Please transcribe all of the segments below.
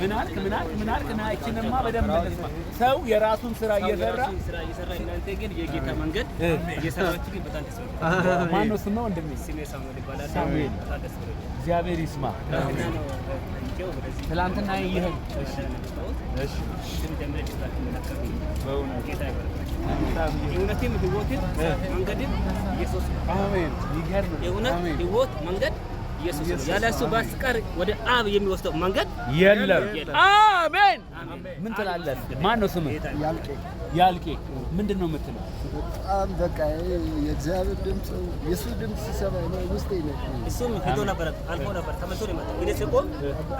ምን አልክ ምን አልክ ምን አልክ ና በደንብ እንስማ። ሰው የራሱን ስራ እየሰራ እናንተ ግን የጌታ መንገድ እየሰራችሁ ግን በጣም ደስ ብሎኛል። ማነው ወንድሜ? ስሜ ሳሙኤል ይባላል። ሳሙኤል እግዚአብሔር ይስማ። ኢየሱስ የእውነት ህይወት መንገድ ኢየሱስ ያለሱ በስተቀር ወደ አብ የሚወስደው መንገድ የለም። አሜን። ምን ትላለህ? ማን ነው ስምህ? ያልቄ ያልቄ። ምንድን ነው የምትለው? በጣም በቃ የእግዚአብሔር ድምፅ የሱ ድምፅ ሲሰማ ነው ውስጤ ነው። እሱም ሄዶ ነበር፣ አልፎ ነበር፣ ተመልሶ ነው የመጣው። ግን ሲቆም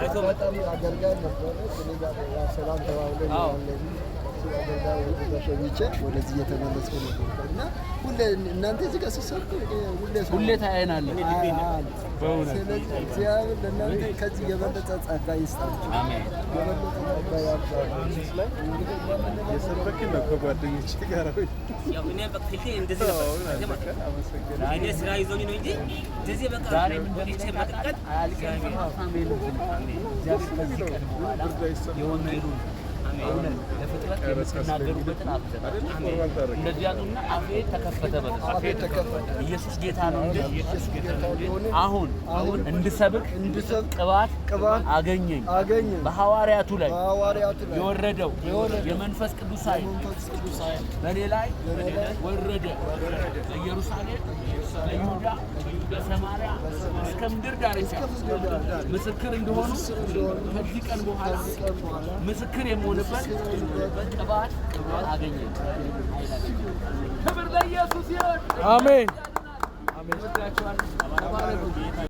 አይቶ በጣም አገልጋይ ነበር። ስለዚህ ሰላም ተባብለን ሸኝቼ ወደዚህ እየተመለስኩ ነው እና ሁሌ እናንተ እዚህ ጋር ስትሰርኩ ሁሌ ታያይናለህ። ስለዚህ እግዚአብሔር ለእናንተ ከዚህ የበለጠ ጸጋ ይስጣችሁ። የበለጠ እውነት ለፍጥረት የምትናገሩበትን አብዘናል። እንደዚህ ያሉና አፌ ተከፈተ በቃ ኢየሱስ ጌታ ነው እንጂ አሁን እንድሰብክ ቅባት አገኘኝ። በሐዋርያቱ ላይ የወረደው የመንፈስ ቅዱስ ኃይል በእኔ ላይ ወረደ። በኢየሩሳሌም፣ በይሁዳ፣ በሰማርያ እስከ ምድር ዳርቻ ምስክር እንደሆኑ ከዚህ ቀን በኋላ ምስክር የመሆነ ክብር ለኢየሱስ ይሁን። አሜን።